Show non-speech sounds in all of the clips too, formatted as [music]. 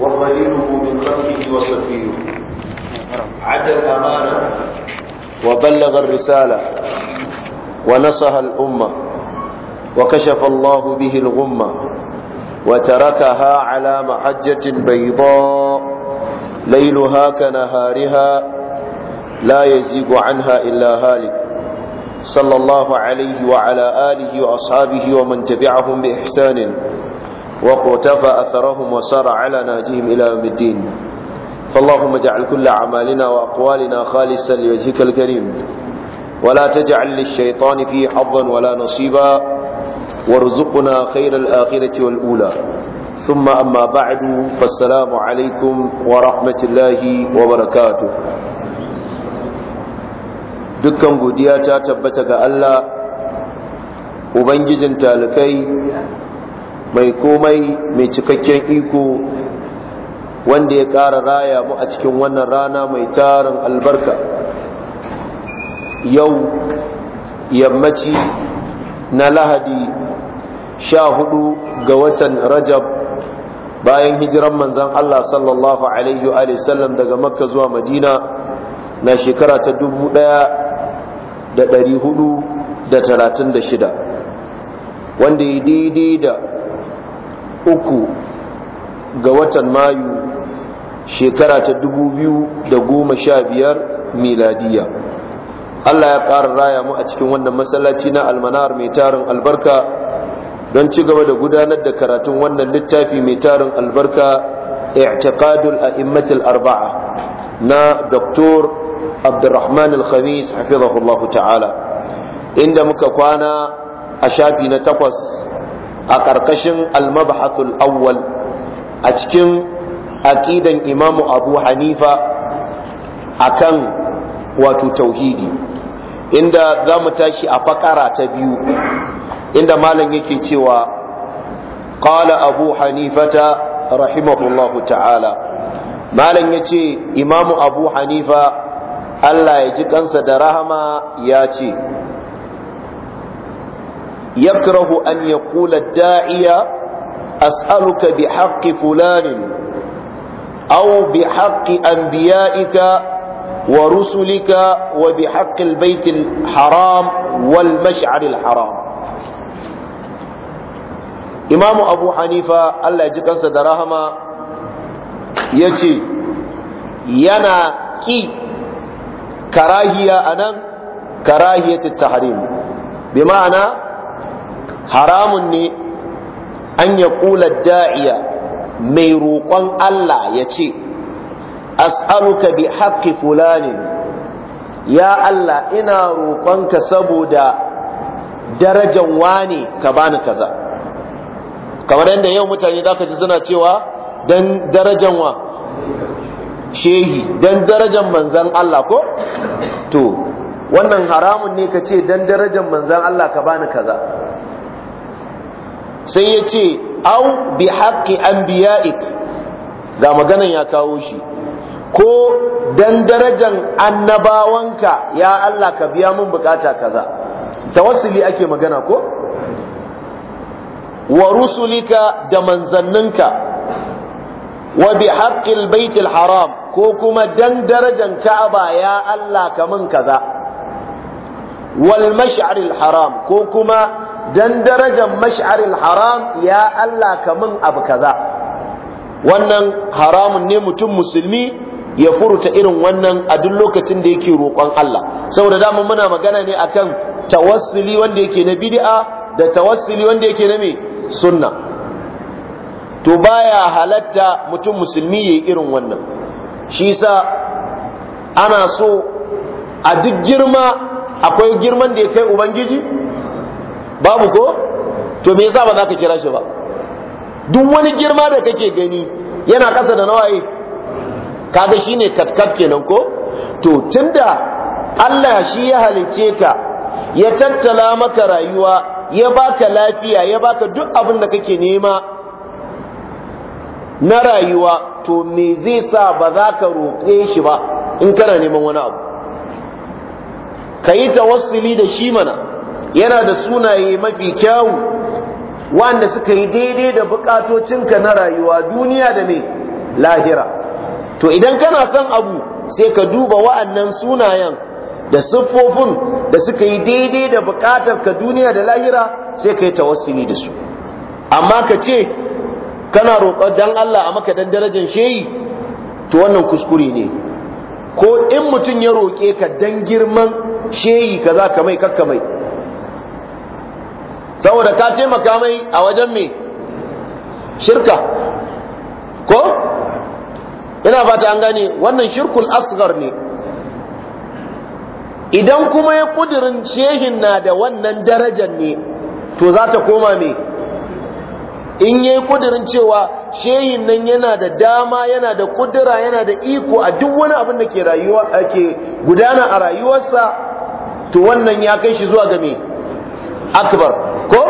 وظليله من خلقه وصفيه عدى الأمانة وبلغ الرسالة ونصها الأمة وكشف الله به الغمة وتركها على محجة بيضاء ليلها كنهارها لا يزيغ عنها إلا هالك صلى الله عليه وعلى آله وأصحابه ومن تبعهم بإحسان وقتفى أثرهم وسار على نهجهم إلى يوم الدين فاللهم اجعل كل أعمالنا وأقوالنا خالصا لوجهك الكريم ولا تجعل للشيطان فيه حظا ولا نصيبا وارزقنا خير الآخرة والأولى ثم أما بعد فالسلام عليكم ورحمة الله وبركاته dukkan godiya ta tabbata ga Allah ubangijin talikai mai komai mai cikakken iko wanda ya ƙara raya mu a cikin wannan rana mai tarin albarka yau yammaci na lahadi sha hudu ga watan rajab bayan hijiran manzan Allah sallallahu Alaihi daga makka zuwa madina na shekara ta dubu ɗaya da ɗari hudu da talatin da shida wanda ya daidai da uku ga watan mayu shekara ta dubu biyu da goma sha biyar miladiya Allah ya ƙara raya mu a cikin wannan masallaci na almanar mai tarin albarka don ci gaba da gudanar da karatun wannan littafi mai tarin albarka اعتقاد الأئمة arba'a na Dr. Abdurrahman Al-Khamis hafizahullahu ta'ala inda muka kwana a shafi na takwas a ƙarƙashin almabhathul awwal a cikin aqidan imamu abu hanifa akan wato tauhidi inda za mu tashi a fakara ta biyu inda malam yake cewa qala abu hanifata rahimahullahu ta'ala malam yace imamu abu hanifa Allah ya ji kansa da rahama ya ce yakrahu an yaqula da'iya as'aluka bihaqqi fulanin aw bihaqqi anbiya'ika ورسلك وبحق البيت الحرام والمشعر الحرام إمام أبو حنيفة الله يجيكن سدرهما يجي ينا كي كراهية أنا كراهية التحريم بمعنى haramun ne an ya kula da'iya mai roƙon Allah ya ce as'aluka bi haƙƙi fulanin ya Allah ina roƙonka saboda darajan wane ka bani kaza kamar yadda yau mutane za ka ji suna cewa don darajan wa shehi don darajan manzan Allah ko? to wannan haramun ne ka ce don darajan manzan Allah ka bani kaza sai ya ce au bi haƙƙi anbiya'ik ga maganan ya kawo shi ko dan darajan annabawanka ya Allah ka biya mun bukata kaza tawassuli ake magana ko wa rusulika da manzanninka wa bi haqqil baitil haram ko kuma dan darajan ka'aba ya Allah ka mun kaza wal mash'aril haram ko kuma dan darajar mash'aril haram ya Allah kamun abu kaza wannan haramun ne mutum musulmi ya furuta irin wannan a duk lokacin da yake roƙon Allah saboda dama muna magana ne akan tawassuli wanda yake na bid'a da tawassuli wanda yake na me sunna to baya halatta mutum musulmi yayi irin wannan shi yasa ana so a duk girma akwai girman da ya kai ubangiji babu ko to me yasa ba za ka kira shi ba duk wani girma da kake gani yana kasa da nawaye kaga shine katkat kenan ko to tunda Allah shi ya halicce ka ya tattala maka rayuwa ya baka lafiya ya baka duk abin da kake nema na rayuwa to me zai sa ba za ka roƙe shi ba in kana neman wani abu ka yi tawassuli da shi mana yana da sunaye mafi kyawu wanda suka yi daidai da bukatocinka na rayuwa duniya da mai lahira to idan kana son abu sai ka duba wa'annan sunayen da siffofin da suka yi daidai da bukatar ka duniya da lahira sai ka yi tawassuli da su amma ka ce kana roƙar dan Allah a maka dan darajar shehi to wannan kuskure ne ko in mutum ya roƙe ka dan girman shehi za ka mai kakka mai saboda ka taimaka mai a wajen me shirka ko ina fata an gane wannan shirkul asgar ne idan kuma ya kudirin shehin na da wannan darajar ne to za ta koma mai in yi kudirin cewa shehin nan yana da dama yana da kudura yana da iko a duk wani abin da ke rayuwa ke gudana a rayuwarsa to wannan ya kai shi zuwa game akbar ko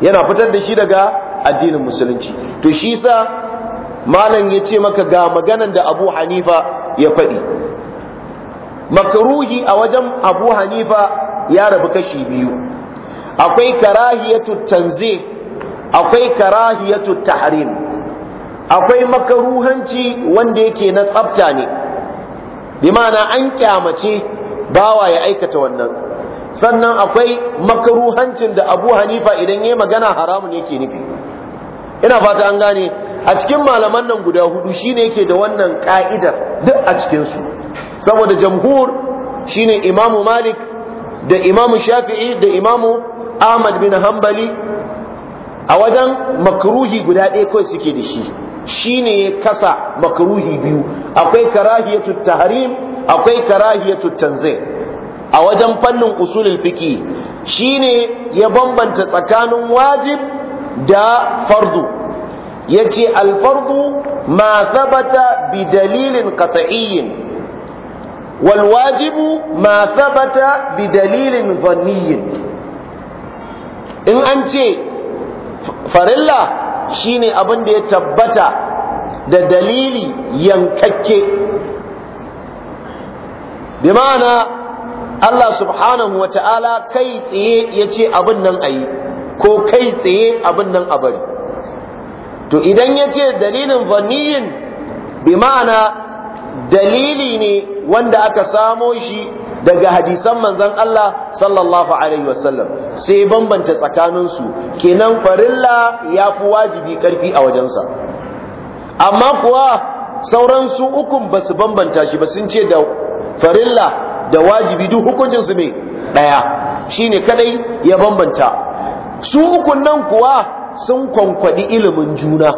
yana fitar da shi daga addinin musulunci to shi sa malam ya ce maka ga maganan da abu hanifa ya faɗi makaruhi a wajen abu hanifa ya rabu kashi biyu akwai karahiyatu tanzi akwai karahiyatu tahrim akwai makaruhanci wanda yake na tsafta ne bi ma'ana an kyamace bawa ya aikata wannan sannan akwai makaruhancin da Abu Hanifa idan yi magana haramun yake nufi ina fata an gane a cikin malaman nan guda hudu ne ke da wannan ka'idar duk a cikinsu. su saboda jamhur ne Imamu Malik da Imamu Shafi'i da Imamu Ahmad bin hambali a wajen makaruhi guda ɗaya kawai suke da shi shi ya kasa makaruhi biyu akwai karahiyatu tahrim akwai karahiyatu tanzih a wajen fannin usulul fiki, shine ya bambanta tsakanin wajib da fardu yace al-fardu ma thabata bi dalilin qat'iyyin wal wajibu ma thabata bi dalilin dhanniyin in an ce farilla shine abin da ya tabbata da dalili yankakke bi ma'ana Allah subhanahu wa ta'ala kai tsaye ya ce abin nan a yi ko kai tsaye abin nan a bari to idan ya ce dalilin vaniyin bi ma'ana dalili ne wanda aka samo shi daga hadisan manzan Allah sallallahu alaihi wasallam sai bambanta tsakaninsu kenan farilla ya fi wajibi ƙarfi a wajensa amma kuwa sauransu ukun ba su bambanta shi ba sun ce da farilla da wajibi duk hukuncin su me daya shine kadai ya bambanta su ukun nan kuwa sun kwankwadi ilimin juna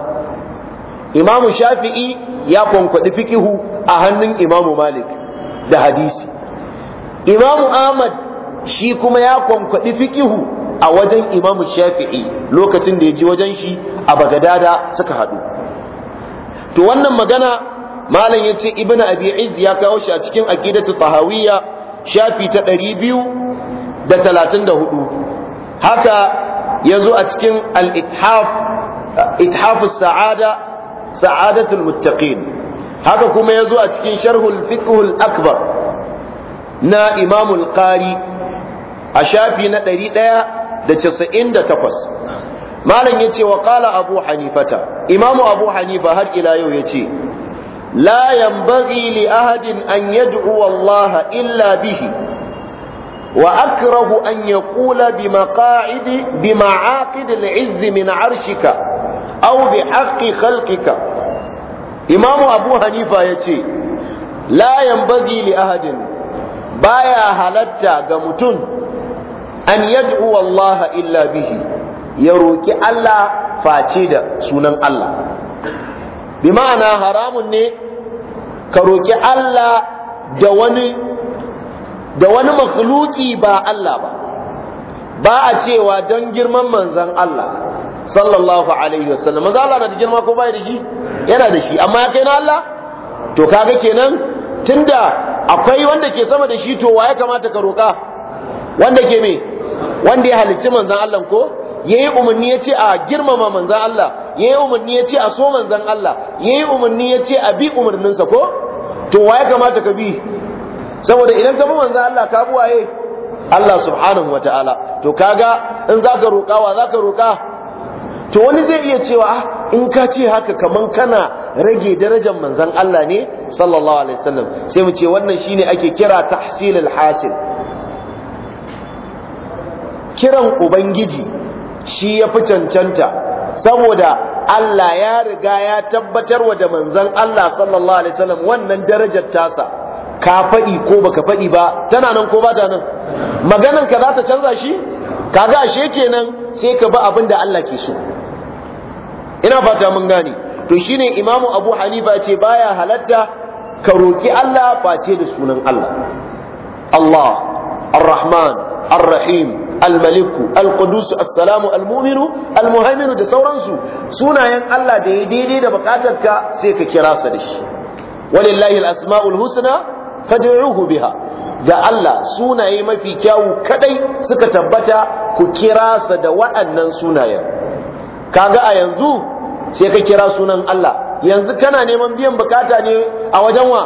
imamu shafi'i ya kwankwadi fikihu a hannun imamu malik da hadisi imamu ahmad shi kuma ya kwankwadi fikihu a wajen imamu shafi'i lokacin da ya ji wajen shi a bagadada suka haɗu to wannan magana malam ya ce ibnu abi iz ya kawo shi a cikin aqidatu tahawiyya shafi ta 234 haka yazo a cikin al-ithaf ithaf ithaf saada sa'adatul muttaqin haka kuma yazo a cikin sharhul fiqhul akbar na imamul qari a shafi na 198 malam yace wa qala abu hanifata imamu abu hanifa har ila yau yace لا ينبغي لأحد أن يدعو الله إلا به وأكره أن يقول بمقاعد بمعاقد العز من عرشك أو بحق خلقك إمام أبو حنيفة يتي لا ينبغي لأحد بايا هلتا قمتن أن يدعو الله إلا به يروك الله فاتيدا سنن الله بمعنى حرام ne ka roƙi Allah da wani da wani makhluki ba Allah ba ba a cewa don girman manzan Allah sallallahu alaihi wasallam manzan Allah na da girma ko bai da shi yana da shi amma ya kai na Allah to kaga kenan tunda akwai wanda ke sama da shi to wa ya kamata ka roƙa wanda ke me wanda ya halicci manzan Allah ko yayi umarni yace a girmama manzon Allah yayi umarni yace a so manzon Allah yayi umarni yace a bi umarninsa ko to waye kamata ka bi saboda idan ka bi manzon Allah ka bi waye Allah subhanahu wataala to kaga in zaka roƙa wa zaka roƙa to wani zai iya cewa ah, in ka ce haka kaman kana rage darajar manzon Allah ne sallallahu alaihi wasallam sai mu ce wannan shine ake kira tahsilul hasil kiran ubangiji shi ya fi cancanta saboda Allah ya riga ya tabbatar wa da manzon Allah sallallahu alaihi wasallam wannan darajar tasa ka faɗi ko baka faɗi ba tana nan ko ba ta nan maganan ka za ta canza shi kaga ashe kenan sai ka ba abin da Allah ke so ina fata mun gane to shine imamu abu hanifa ce baya halatta ka roki Allah face da sunan Allah Allah ar-rahman ar-rahim almaliku alqudusu assalamu almuminu almuhaiminu da sauransu sunayen Allah da ya daidai da bukatarka sai ka kira sa da shi walillahi asmaul husna fad'uhu biha da Allah sunaye mafi kyawu kadai suka tabbata ku kira sa da waɗannan sunayen kaga a yanzu sai ka kira sunan Allah yanzu kana neman biyan bukata ne a wajen wa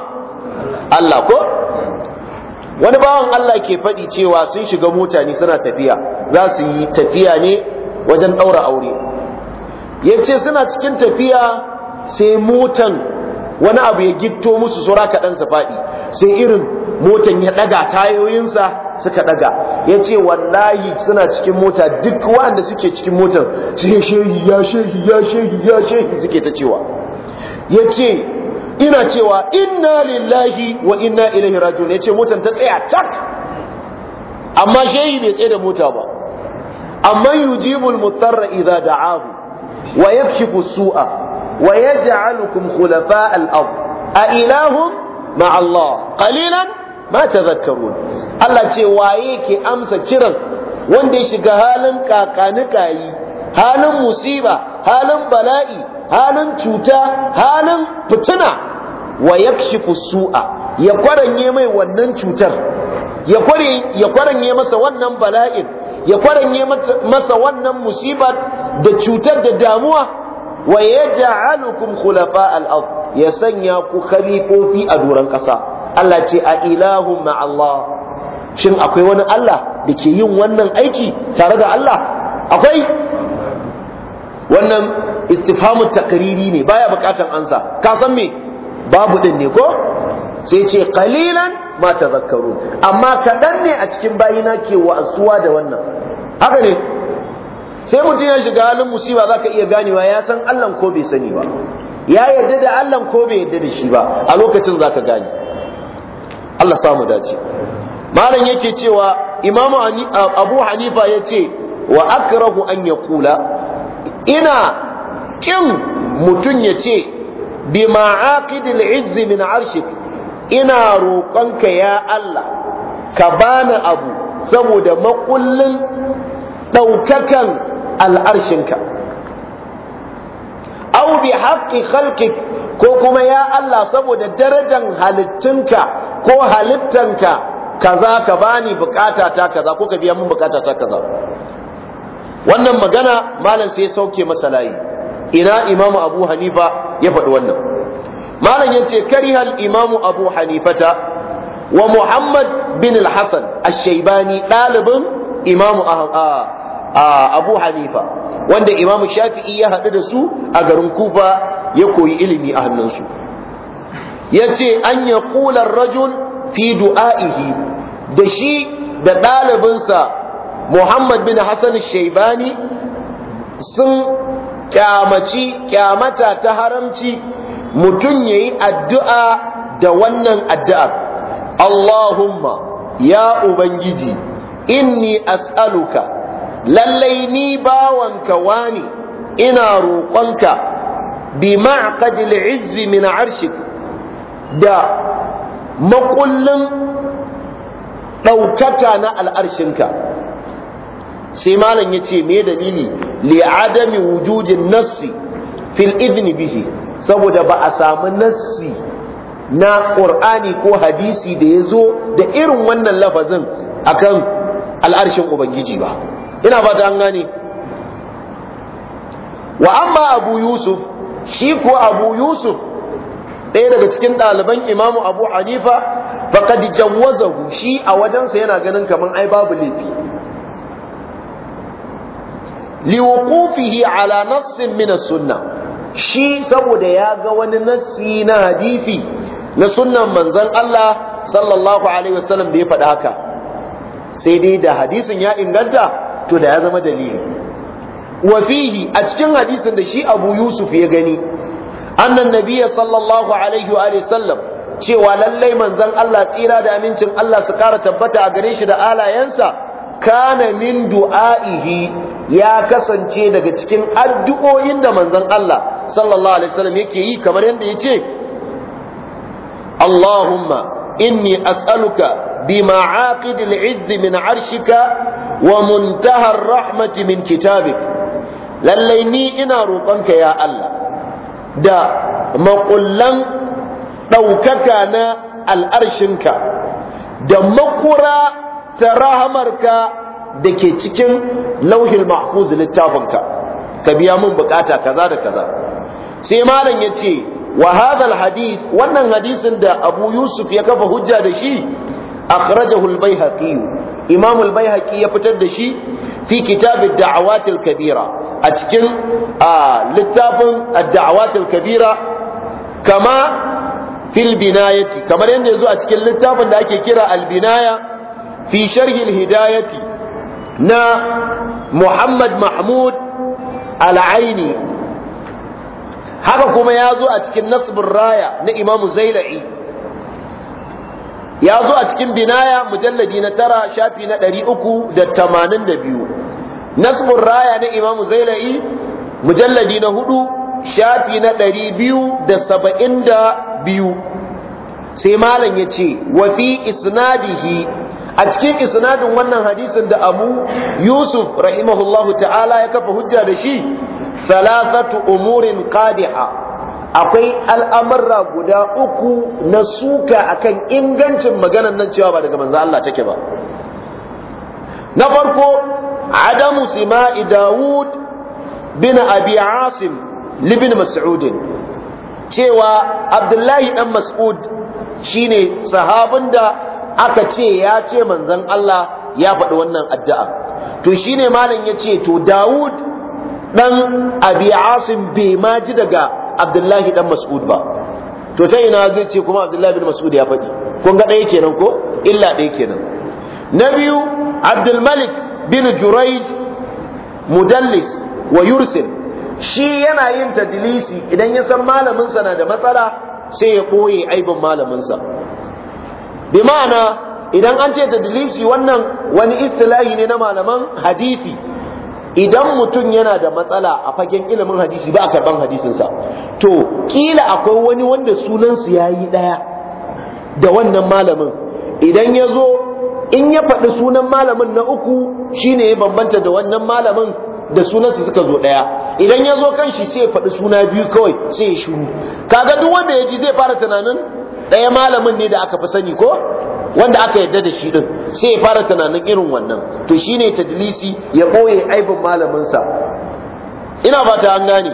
Allah ko wani bawan Allah ke faɗi cewa sun shiga mota ne suna tafiya za su yi tafiya ne wajen ɗaura aure ya ce suna cikin tafiya sai motan wani abu ya gitto musu saura kaɗan su faɗi sai irin motan ya ɗaga tayoyinsa suka ɗaga ya ce wallahi suna cikin mota duk waɗanda suke cikin motan sai shehi ya shehi ya shehi ya shehi suke ta cewa ya ce ina cewa inna lillahi wa inna ilaihi rajiun yace motan ta tsaya tak amma shehi bai tsaya da mota ba amma yujibul mutarra idza da'ahu wa yakshifu su'a wa yaj'alukum khulafa'al ard a ilahum ma'a Allah qalilan ma tadhakkarun Allah ce waye ke amsa kiran wanda ya shiga halin kakanikayi halin musiba halin bala'i halin cuta halin fitina wa yakshifu su'a ya kwaranye mai wannan cutar ya kware kwaranye masa wannan bala'in ya kwaranye masa wannan musibar da cutar da damuwa wa yaj'alukum khulafa al-ard ya sanya ku khalifofi a duran kasa Allah ce a ilahun ma Allah shin akwai wani Allah da ke yin wannan aiki tare da Allah akwai wannan istifhamun takariri ne baya bukatan ansa ka san me babu din ne ko sai ce qalilan ma tadhakkarun amma kadan ne a cikin bayina ke wa'azuwa da wannan haka ne sai mutum ya shiga halin musiba zaka iya ganewa ya san Allah ko bai sani ba ya yarda da Allah ko bai yarda da shi ba a lokacin zaka gane Allah samu dace malam yake cewa imamu abu hanifa ya ce wa akrahu an ya kula ina kin mutum ya ce bi ma'aqidil izzi min arshik ina roƙonka ya Allah ka bani abu saboda makullin ɗaukakan al'arshinka au bi haqqi khalqik ko kuma ya Allah saboda darajan halittunka ko halittanka kaza ka bani bukata ta kaza ko ka biya min bukata ta kaza wannan magana malam sai ya sauke masa layi ina imamu abu hanifa ya faɗi wannan malam ya ce karihal imamu abu hanifata wa muhammad bin al-hasan al ɗalibin imamu ah, ah, ah, abu hanifa wanda imamu shafi'i ya haɗu da su a garin kufa ya koyi ilimi a hannunsu ya ce an ƙular rajul fi du'a'ihi da shi da ɗalibinsa muhammad bin hassan shaibani sun kyamaci kyamata ta haramci mutum ya yi addu'a da wannan addu'ar Allahumma ya Ubangiji inni as'aluka lallai ni bawanka wani ina roƙonka bi ma'aqadil izzi min arshik da makullin ɗaukaka na al'arshinka sai malam ya ce me dalili li adami wujudin nassi fil idni bihi saboda ba a samu nassi na qur'ani ko hadisi da ya zo da irin wannan lafazin akan al'arshin ubangiji ba ina fata an gane wa amma abu yusuf shi ko abu yusuf ɗaya daga cikin ɗaliban imamu abu hanifa faqad jawwazahu shi a wajensa yana ganin kamar ai babu laifi liwuqufihi ala nassin min sunna shi saboda ya ga wani nassi na hadisi na sunnan manzan Allah sallallahu alaihi wasallam da ya faɗa haka sai dai da hadisin ya inganta to da ya zama dalili wa fihi a cikin hadisin da shi Abu Yusuf ya gani annan nabiyya sallallahu alaihi wa sallam cewa lallai manzon Allah tsira da amincin Allah su kara tabbata a gare shi da alayensa kana min du'aihi ya kasance daga cikin addu'o'in da manzon Allah sallallahu alaihi wasallam yake yi kamar yadda yace Allahumma inni as'aluka bima aqid al-izz min 'arshika wa muntaha ar-rahmati min kitabik lallai ni ina roƙonka ya Allah da maƙullan ɗaukaka na al'arshinka da makura ta rahamarka da ke cikin lauhin mahfuz littafinka ka biya mun bukata kaza da kaza sai malam ya ce wa hadal wannan hadisin da abu yusuf ya kafa hujja da shi akhrajahu al-baihaqi imam al ya fitar da shi fi kitab ad-da'awat al-kabira a cikin littafin ad-da'awat al-kabira kama fil binayati kamar yanda yazo a cikin littafin da ake kira al-binaya fi sharhi al-hidayati na Muhammad Mahmud Al-Aini haka kuma ya zo a cikin Nasbur Raya na Imam Zailai ya zo a cikin Binaya mujalladi na tara shafi na 382 Nasbur Raya na Imam Zailai mujalladi na huɗu shafi na 272 sai malam ya ce wa fi isnadihi a cikin isnadin wannan hadisin da abu yusuf rahimahullahu ta'ala ya kafa hujja da shi thalathatu umurin qadiha akwai al'amarra guda uku na suka akan ingancin maganar nan cewa ba daga manzo Allah take ba na farko adamu sima'i Dawud bin Abi Asim libin Mas'ud cewa Abdullahi dan Mas'ud shine sahabin da aka ce ya ce manzon Allah ya faɗi wannan addu'a to shine malam ce to Dawud ɗan Abi Asim bai ma ji daga Abdullahi dan Mas'ud ba to ta ina zai ce kuma Abdullahi bin Mas'ud ya faɗi kun ga ɗaya kenan ko illa ɗaya kenan na biyu Abdul bin Juraij mudallis wa yursil shi yana yin tadlisi idan ya san malaminsa na da matsala sai ya koye aibin malaminsa. bi ma'ana idan an ce tadlisi wannan wani istilahi ne na malaman hadisi idan mutum yana da matsala a fagen ilimin hadisi ba a karban hadisinsa to kila akwai wani wanda sunansu ya yi ɗaya da wannan malamin idan ya zo in ya faɗi sunan malamin na uku shine ya bambanta da wannan malamin da sunansu suka zo ɗaya idan ya zo kan shi sai ya faɗi suna biyu kawai sai ya shuru kaga duk wanda ya ji zai fara tunanin ɗaya malamin ne da aka fi sani ko wanda aka yarda da shi din sai ya fara tunanin irin wannan to shine tadlisi ya boye aibin malaminsa ina ta an gane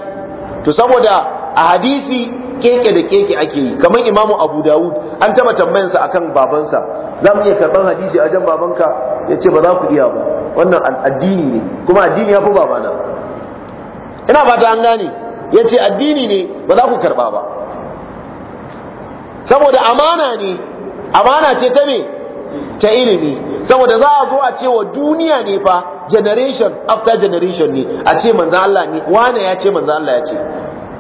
to saboda a hadisi keke da keke ake yi kamar imamu abu dawud an taba tambayansa akan babansa za mu iya karban hadisi a jan babanka ya ce ba za ku iya ba wannan addini ne kuma addini ya fi babana ina ta an gane yace addini ne ba za ku karba ba saboda amana ne amana ce ta me ta ilimi saboda za a zo a ce wa duniya ne fa generation after generation ne a ce manzan Allah ne wane ya ce manzan Allah ya ce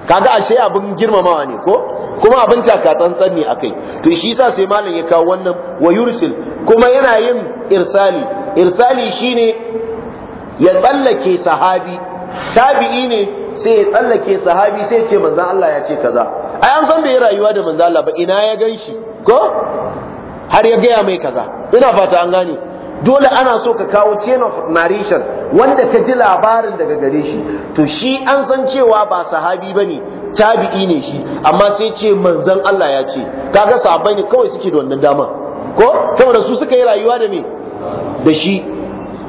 kaga ashe abin girmamawa ne ko kuma abin taka tsantsan ne akai to shi yasa sai malam ya kawo wannan wa yursil kuma yana yin irsali irsali shine ya tsallake sahabi tabi'i ne sai ya tsallake sahabi sai ce manzan Allah ya ce kaza ai an san bai rayuwa da manzo Allah ba ina ya ganshi ko har ya gaya mai kaza ina fata an gane dole ana so ka kawo chain of narration wanda ka ji labarin daga gare shi to shi an san cewa ba sahabi bane tabi'i ne shi amma sai ce manzon Allah ya ce kaga sahabbai ne kawai suke da wannan dama ko saboda su suka yi rayuwa da me da shi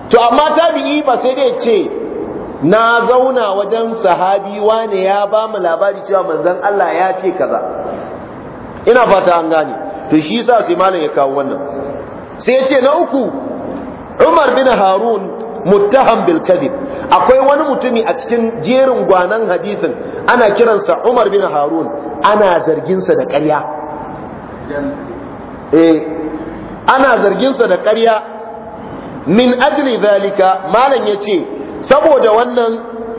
to amma tabi'i ba sai dai ce na zauna wajen sahabi wane ya ba mu labari cewa manzon Allah ya ce kaza ina fata an gane to shi yasa sai malam ya kawo wannan sai ya ce na uku Umar bin Harun muttaham bil kadhib akwai wani mutumi a cikin jerin gwanan hadithin ana kiransa Umar bin Harun ana zargin sa da ƙarya eh ana zargin sa da ƙarya min ajli zalika malam yace saboda wannan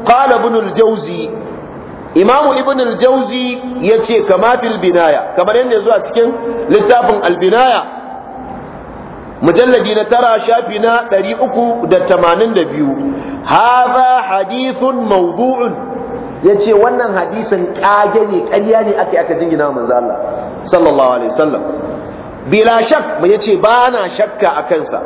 qala ibn al-jawzi imamu ibn al-jawzi yace kama fil binaya kamar yadda zuwa cikin littafin al-binaya mujalladi na tara shafi na 382 hadha hadithun mawdu'un yace wannan hadisin kage ne ƙarya ne ake aka jingina manzo Allah sallallahu alaihi wasallam bila shak mai yace ba na shakka akan sa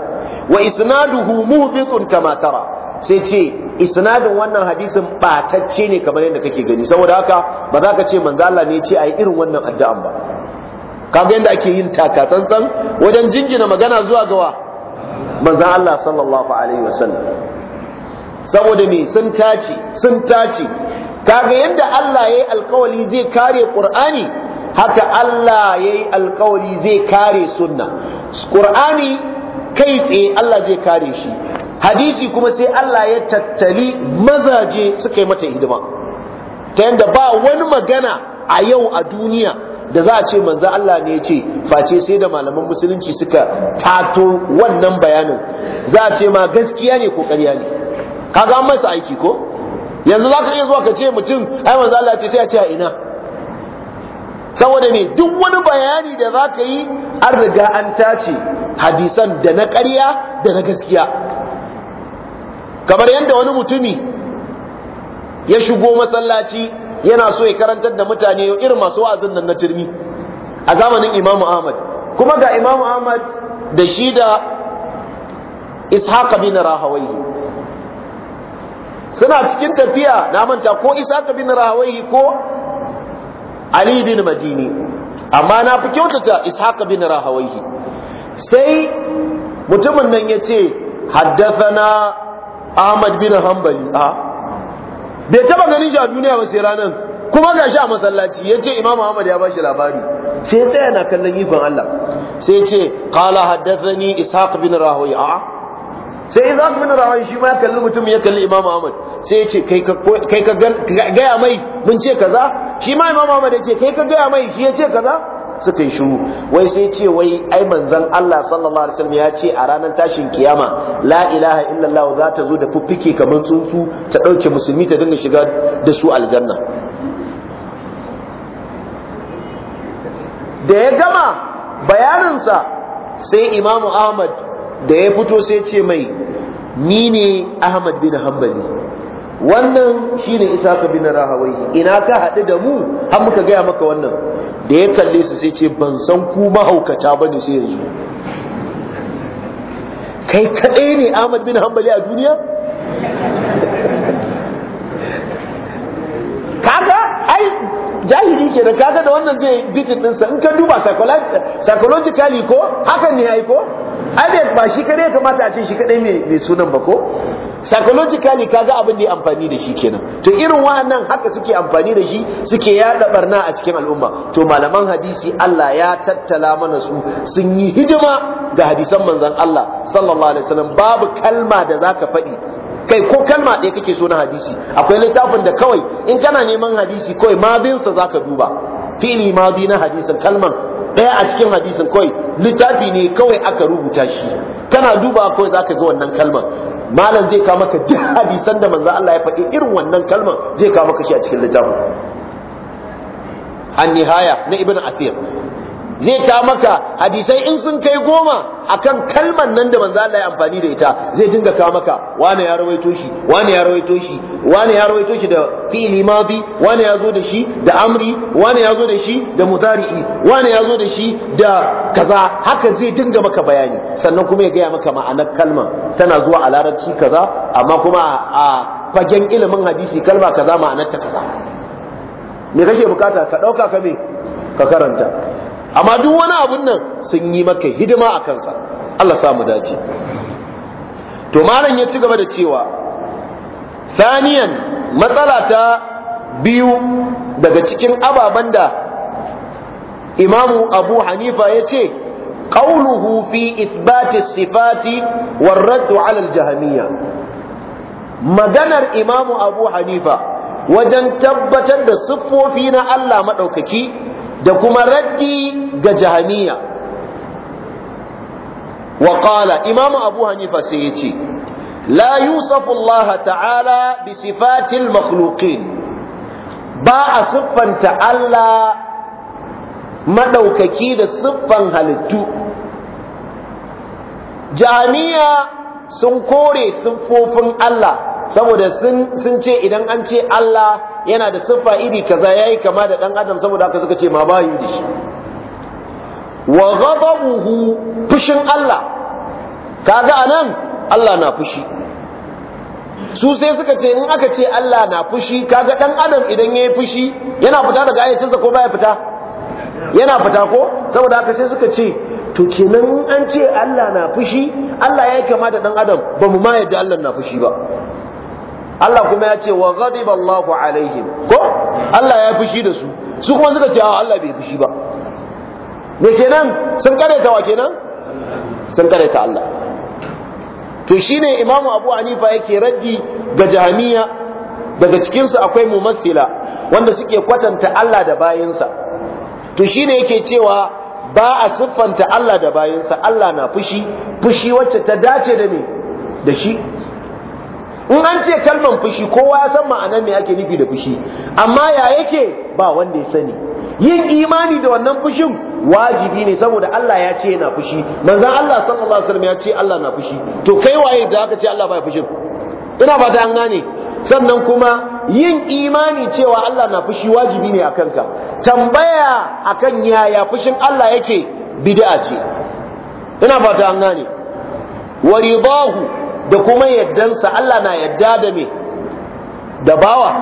wa isnaduhu muhbitun kama tara sai ce isnadin wannan hadisin batacce ne kamar yadda kake gani saboda haka ba za ka ce manzo Allah ne ce yi irin wannan addu'an ba kaga yadda ake yin taka tsantsan wajen jingina magana zuwa gawa manzo Allah sallallahu alaihi wasallam saboda me sun tace sun tace kaga yadda Allah yayi alkawali zai kare Qur'ani haka Allah yayi alkawali zai kare sunna Qur'ani kai tsaye Allah zai kare shi hadisi kuma sai Allah ya tattali mazaje suka yi mata hidima ta yadda ba wani magana a yau a duniya da za a ce manzo Allah ne ya ce face sai da malaman musulunci suka tato wannan bayanin za a ce ma gaskiya ne ko ƙarya ne kaga an masa aiki ko yanzu za ka iya zuwa ka ce mutum ai manzo Allah ce sai a ce a ina saboda me duk wani bayani da za ka yi an riga an tace hadisan da na ƙarya da na gaskiya kamar yadda wani mutumi ya shigo masallaci yana so ya karantar da mutane irin masu wa'azin nan na turmi a zamanin imamu ahmad kuma ga imamu ahmad da shi da ishaq bin rahawaihi suna cikin tafiya na manta ko ishaq bin rahawaihi ko ali bin madini amma na fi kyautata ishaq bin rahawaihi sai mutumin nan ya ce na. ahmad bin hanbali a bai taba ganin shi a duniya ba sai ranar kuma ga shi a masallaci ya ce imam ahmad ya bashi labari sai tsaya na kallon ikon allah sai ce qala haddathani ishaq bin rahoyi a sai ishaq bin rahoyi shi ma ya kalli mutum ya kalli imam ahmad sai ya ce kai ka gaya mai mun ce kaza shi ma imam ahmad ya ce kai ka gaya mai shi ya ce kaza suka yi shiru wai sai ce wai ai manzon Allah sallallahu alaihi wasallam ya ce a ranar tashin kiyama la ilaha illallah za ta zo da fuffike kamar tsuntsu ta dauke musulmi ta dinga shiga da su aljanna da ya gama bayaninsa sai imamu ahmad da ya fito sai ce mai ni ne ahmad bin hanbali wannan shine isaka bin rahawai ina ka haɗu da mu har muka gaya maka wannan da ya kalle su sai ce ban san ku mahaukata ba ne, sai yanzu kai kadai ne Ahmad bin hambali a duniya [laughs] kaga ai jahili ke da kaga da wannan zai bitin dinsa in ka duba psychologically ko hakan ne yi ko ai ba shi kare kamata a ce shi kaɗai mai sunan ba ko psychologically kaga abin da ya amfani da shi kenan to irin wa'annan haka suke amfani da shi suke yaɗa barna a cikin al'umma to malaman hadisi Allah ya tattala mana su sun yi hidima ga hadisan manzon Allah sallallahu alaihi wasallam babu kalma da zaka faɗi kai ko kalma ɗaya kake so na hadisi akwai littafin da kawai in kana neman hadisi kawai madinsa zaka duba fili mazina na hadisin kalman ɗaya a cikin hadisin kawai littafi ne kawai aka rubuta shi kana duba kawai ka ga wannan kalmar malam zai kama maka duk hadisan da manzo Allah ya faɗi irin wannan kalmar zai kama maka shi a cikin littafin an nihaya na ibn athir zai ka maka hadisai in sun kai goma akan kalman nan da manzo Allah ya amfani da ita zai dinga ka maka wani ya rawaito shi wani ya rawaito shi wani ya rawaito shi da fi'li madi wani ya zo da shi da amri wani ya zo da shi da mudari'i wani ya zo da shi da kaza haka zai dinga maka bayani sannan kuma ya gaya maka ma'anar kalman tana zuwa a larabci kaza amma kuma a fagen ilimin hadisi kalma kaza ma'anar ta kaza me kake bukata ka dauka ka me ka karanta amma duk wani abun nan sun yi maka hidima a kansa Allah samu dace to malam ya ci gaba da cewa saniyan matsala ta biyu daga cikin ababen da imamu abu hanifa ya ce ƙauluhu fi isbatis sifati warraddu alal jahamiya maganar imamu abu hanifa wajen tabbatar da siffofi na Allah maɗaukaki da kuma raddi ga jahamiya wa Imam imamu abu hanifa sai ya ce la yusafu allah ta'ala bi sifatil makhluqin ba a siffanta allah maɗaukaki da siffan halittu jahamiya sun kore siffofin allah saboda sun ce idan an ce Allah yana da siffa iri kaza yayi kama da dan adam saboda haka suka ce ma ba yi da shi wa ghadabuhu fushin Allah kaga anan Allah na fushi su sai suka ce in aka ce Allah na fushi kaga dan adam idan yayi fushi yana fita daga ayyacinsa ko baya fita yana fita ko saboda haka sai suka ce to kenan an ce Allah na fushi Allah ya kama da dan adam ba mu ma yadda Allah na fushi ba Allah kuma ya ce wa ghadiba Allahu alaihim ko Allah ya fushi da su su kuma suka ce a Allah bai fushi ba me kenan sun karaita wa kenan sun karaita Allah to shine imamu abu hanifa yake raddi ga jahamiya daga cikinsu akwai mumathila wanda suke kwatanta Allah da bayinsa to shine yake cewa ba a siffanta Allah da bayinsa Allah na fushi fushi wacce ta dace da me da shi in an ce kalman fushi kowa ya san ma'anar me ake nufi da fushi amma ya yake ba wanda ya sani yin imani da wannan fushin wajibi ne saboda Allah ya ce yana fushi manzon Allah sallallahu alaihi wasallam ya ce Allah na fushi to kai waye da aka ce Allah baya fushin ina ba ta an gane sannan kuma yin imani cewa Allah na fushi wajibi ne a kanka tambaya akan yaya fushin Allah yake bid'a ce ina ba ta an gane ridahu da kuma yaddansa Allah na yadda da me da bawa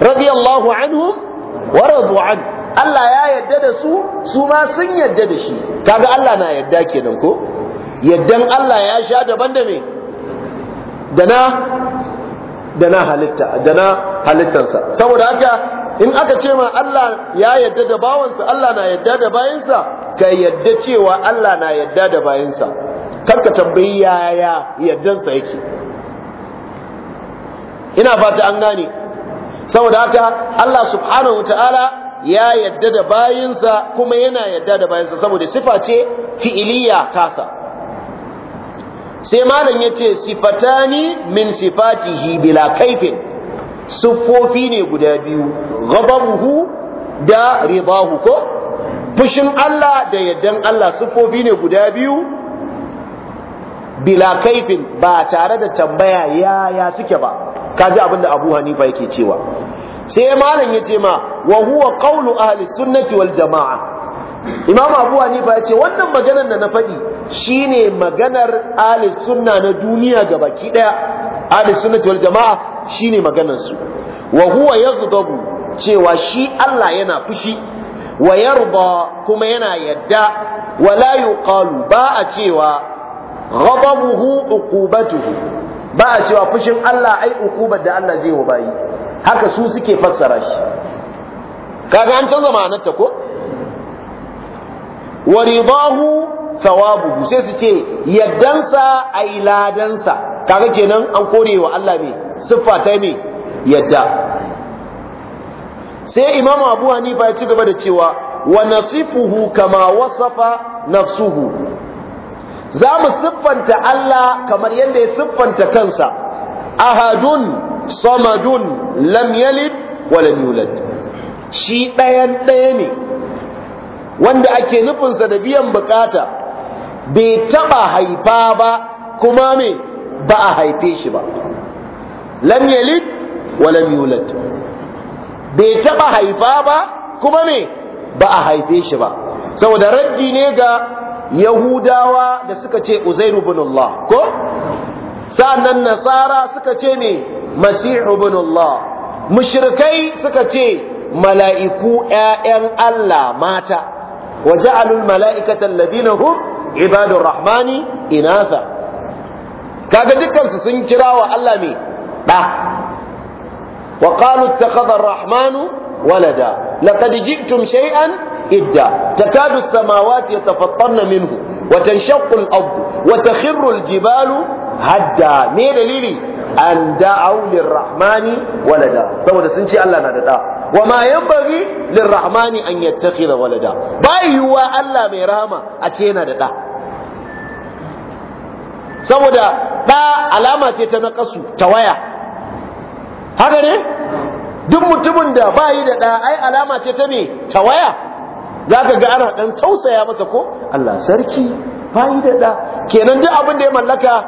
radiyallahu anhu wa radu an Allah ya yadda da su su ma sun yadda da shi kaga Allah na yadda kenan ko yaddan Allah ya sha daban da me da na da na halitta da na halittansa saboda haka in aka ce ma Allah ya yadda da bawansa Allah na yadda da bayansa ka yadda cewa Allah na yadda da bayansa karka tambayi yaya yaddansa yake ina fata an gane saboda haka Allah subhanahu wataala ya yadda da bayinsa kuma yana yadda da bayinsa saboda sifa ce fi'iliya tasa sai malam yace sifatani min sifatihi bila kaifin siffofi ne guda biyu ghadabuhu da ridahu ko fushin Allah da yaddan Allah siffofi ne guda biyu bila kaifin ba tare da tambaya ya ya suke ba kaji abin da Abu Hanifa yake cewa sai malam ya ce ma wa huwa qawlu ahli sunnati wal jamaa Imam Abu Hanifa ya ce wannan maganar da na faɗi shine maganar ahli sunna na duniya gabaki daya ahli sunnati wal jamaa shine maganar su wa huwa yaghdabu cewa shi Allah yana fushi wa yarda kuma yana yadda wala yuqalu ba a cewa ghadabuhu uqubatuhu ba a cewa fushin Allah ai uqubar da Allah zai wa bayi haka su suke fassara shi kaga an canza ma'anarta ko wa ridahu thawabuhu sai su ce yaddansa ai ladansa kaga kenan an kore wa Allah ne siffa ta me yadda sai imam Abu Hanifa ya ci gaba da cewa wa nasifuhu kama wasafa nafsuhu za mu siffanta Allah kamar yadda ya siffanta kansa ahadun samadun lam yalid wa yulad shi ɗayan ɗaya ne wanda ake nufinsa da biyan bukata bai taɓa haifa ba kuma me ba a haife shi ba lam yalid wa yulad bai taɓa haifa ba kuma me ba a haife shi ba saboda raddi ne ga yahudawa da suka ce uzairu bin ko sa'annan nasara suka ce ne masihu bin Allah mushrikai suka ce mala'iku ƴaƴan Allah mata wa ja'alul mala'ikata alladhina hum ibadur rahmani inatha kaga dukkan su sun kira wa Allah me da wa qalu ittakhadha ar-rahmanu walada laqad ji'tum shay'an idda takadu as-samawati yatafattarna minhu wa tanshaqqu al-ardu wa takhirru al-jibalu hadda me dalili an da'u lirrahmani walada saboda sun ce Allah na da da wa ma yanbaghi lirrahmani an yattakhidha walada bai yiwuwa Allah mai rahama a ce yana da da saboda da alama ce ta naƙasu ta waya haka ne duk mutumin da ba yi da ɗa ai alama ce ta me tawaya ka ga ana ɗan tausaya masa ko Allah sarki yi da ɗa kenan duk abin da ya mallaka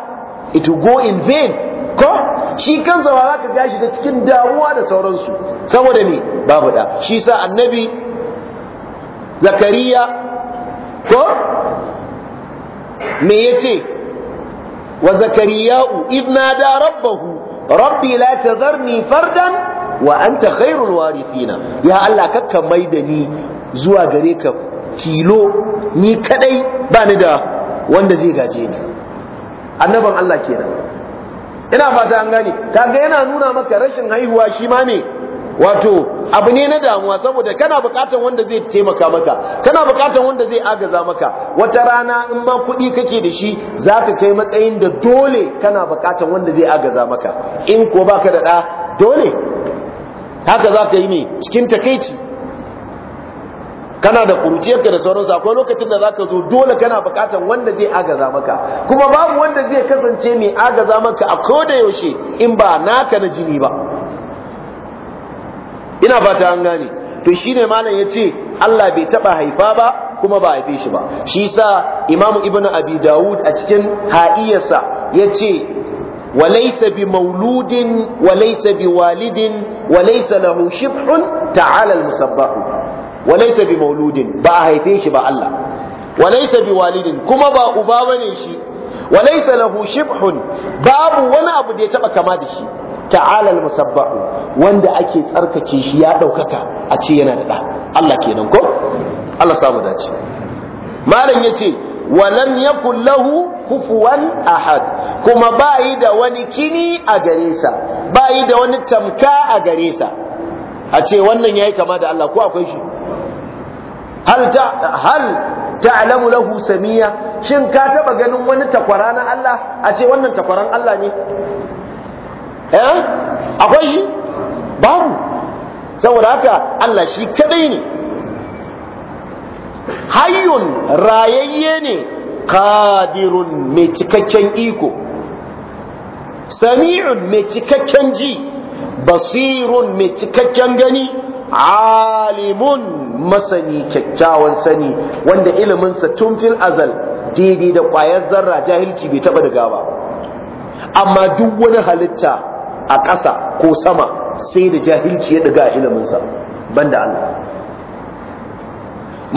it go in vain ko shi kansa ba zaka ga shi da cikin damuwa da sauransu saboda ne babu ɗa shi sa annabi zakariya ko me yace wa zakariya'u idh nada rabbahu rabbi la tadharni fardan wa anta khairul warithina ya Allah kakka mai da ni zuwa gare ka tilo ni kadai ba ni da wanda zai gaje ni annaban Allah kenan ina fata an gane kaga yana nuna maka rashin haihuwa shi ma ne wato abu ne na damuwa saboda kana bukatan wanda zai taimaka maka kana bukatan wanda zai agaza maka wata rana in ma kuɗi kake da shi za ka kai matsayin da dole kana bukatan wanda zai agaza maka in ko baka da ɗa dole haka za ka yi mai cikin takaici kana da ƙuruciyarka da sauransu akwai lokacin da za ka zo dole kana buƙatar wanda zai agaza maka kuma babu wanda zai kasance mai agaza maka a kodayaushe yaushe in ba naka na jini ba ina fata an gane to shi shine malam ce Allah bai taba haifa ba kuma ba haife shi ba shi yasa imamu Ibn Abi Dawud a cikin ha'iyarsa ce. وليس بمولود وليس بوالد وليس له شبح تعالى المسبح وليس بمولود با هيفيش با الله وليس بوالد كما با أبا ونشي وليس له شبح باب وانا أبو دي تبا كما دشي تعالى المسبح وانا أكي تركك شيا دوكك أتي ينا الله كي ننكو الله سامو داتي ما لن يتي ولم يكن له kufuwan ahad kuma bayi da wani kini a gare sa bayi da wani tamka a gare sa a ce wannan yayi kama da Allah ko akwai shi hal ta hal ta'lamu lahu samiya shin ka taba ganin wani takwara na Allah a ce wannan takwaran Allah ne eh akwai shi babu saboda haka Allah shi kadai ne hayyun rayayye ne qadirun mai cikakken iko sami'un mai cikakken ji basirun mai cikakken gani alimun masani kyakkyawan sani wanda iliminsa tun fil azal daidai da ƙwayar zarra jahilci bai taba daga ba amma duk wani halitta a ƙasa ko sama sai da jahilci ya daga iliminsa banda Allah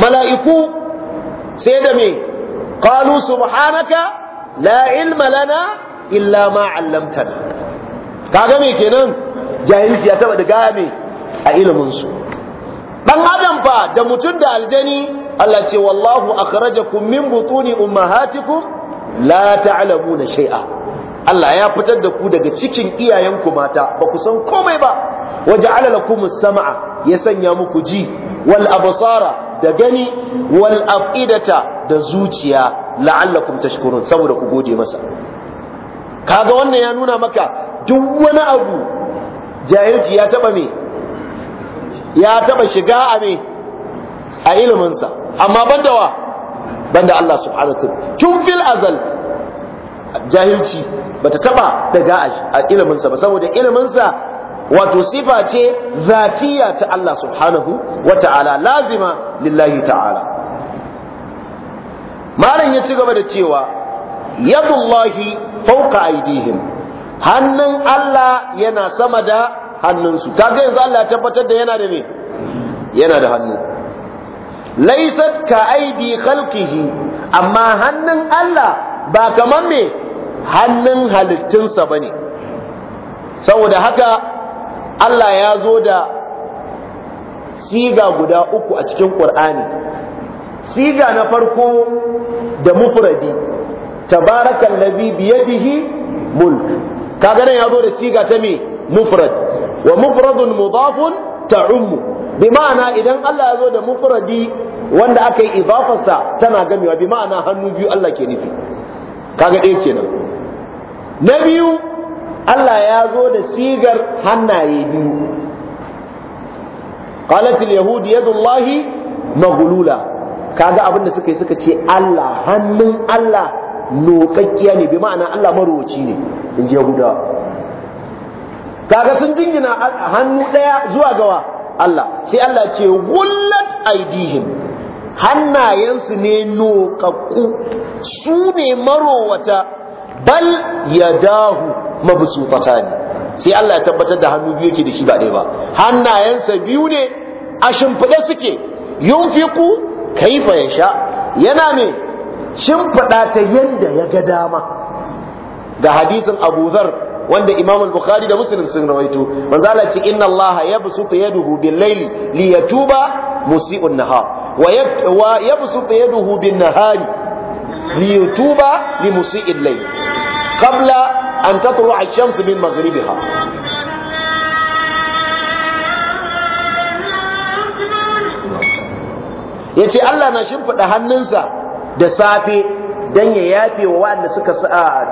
mala'iku sai da me qalu subhanaka la ilma lana illa ma 'allamtana kaga me kenan jahilci ya taba diga me a ilimin su dan adam fa da mutum da aljani Allah ce wallahu akhrajakum min butuni ummahatikum la ta'lamuna shai'a. Allah ya fitar da ku daga cikin iyayenku mata ba ku san komai ba waje alalakum sama'a ya sanya muku ji wal absara da gani wal afidata da zuciya la'allakum tashkurun saboda ku gode masa kaga wannan ya nuna maka duk wani abu jahilci ya taba me ya taba shiga a me a iliminsa amma banda wa banda Allah subhanahu wa ta'ala tun fil azal jahilci bata taba daga a iliminsa ba saboda iliminsa wato sifa ce zafiya ta Allah subhanahu wa ta'ala lazima lillahi ta'ala malam ya ci gaba da cewa yadullahi fauka aidihim hannun Allah yana sama da hannunsu kaga yanzu Allah ya tabbatar da yana da me yana da hannu laysat ka aidi khalqihi amma hannun Allah ba kaman me hannun halittunsa ba ne saboda haka Allah ya zo da siga guda uku a cikin ƙur'ani siga na farko da mufuradi tabarakan labi biyadihi mulk kaga nan ya zo da siga ta mai mufurad wa mufradun ta umu bi ma'ana idan Allah ya zo da mufuradi wanda aka yi ibafarsa tana gamewa bi ma'ana hannu biyu Allah ke nufi kaga ɗaya kenan na biyu Allah ya zo da sigar hannaye biyu qalat al-yahud yadullahi maghlula kaga abin da suka yi suka ce Allah hannun Allah nokakkiya ne bi ma'ana Allah marwaci ne in ji yahuda kaga sun jingina hannu daya zuwa gawa Allah sai Allah ce wullat aidihim hannayensu ne nokakku su ne marowata bal ya yadahu mabsuqatan sai Allah ya tabbatar da hannu biyu yake da shi ba ɗaya ba hannayensa biyu ne a shimfiɗe suke yunfiqu kaifa sha. yana ne? shimfiɗa ta yanda ya ga dama ga hadisin Abu Dharr wanda Imam al-Bukhari da Muslim sun rawaito manzo Allah ce inna Allah yabsutu yadahu bil-layli liyatuba musii'un nahar wa yabsutu yadahu bin-nahari li limusii'il-layl qabla an tatlu ash-shams min maghribiha yace Allah na shimfida hannunsa da safe dan ya yafe wa waɗanda suka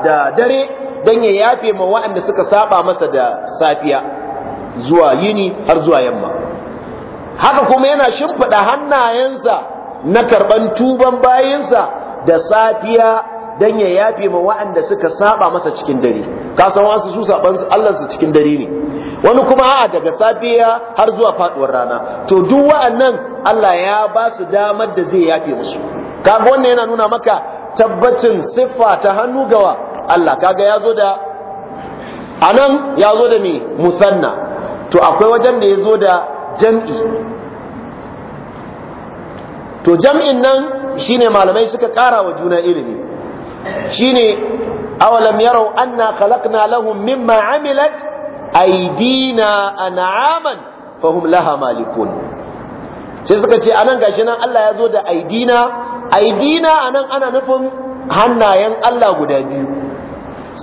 da dare dan ya yafe ma waɗanda suka saba masa da safiya zuwa yini har zuwa yamma haka kuma yana shimfida hannayensa na karban tuban bayinsa da safiya dan ya yafe ma wa'anda suka saba masa cikin dare ka san wasu su saban Allah cikin dare ne wani kuma a daga safiya har zuwa faduwar rana to duk wa'annan Allah ya ba su damar da zai yafe musu kaga wannan yana nuna maka tabbacin siffa ta hannu gawa Allah kaga ya zo da anan ya zo da me musanna to akwai wajen da ya zo da jam'i to jam'in nan shine malamai suka ƙara wa juna ilimi shine awalam yarau anna khalaqna lahum mimma amilat aydina an'aman fahum laha malikun sai suka ce anan gashi nan Allah ya zo da aidina aidina anan ana nufin hannayen Allah guda biyu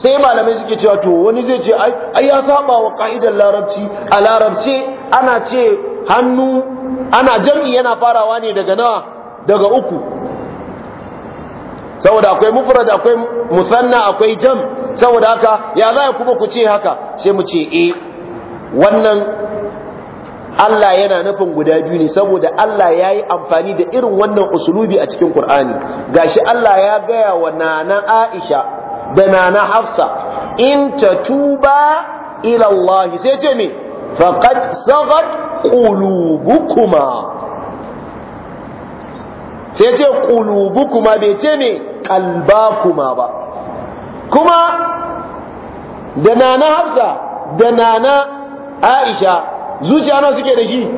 sai malamai suke cewa to wani zai ce ai ya saba wa ka'idar larabci a larabci ana ce hannu ana jam'i yana farawa ne daga nawa daga uku saboda akwai mufrad akwai musanna akwai jam saboda haka ya za kuma ku ce haka sai mu ce eh wannan Allah yana nufin guda biyu ne saboda Allah ya yi amfani da irin wannan usulubi a cikin Kur'ani gashi Allah ya gaya wa nana Aisha da nana Hafsa in ta tuba ila Allah sai ce me faqad sagat qulubukuma sai ce kuma bai ce ne kuma ba kuma da nana hafsa da nana aisha zuciya nawa suke da shi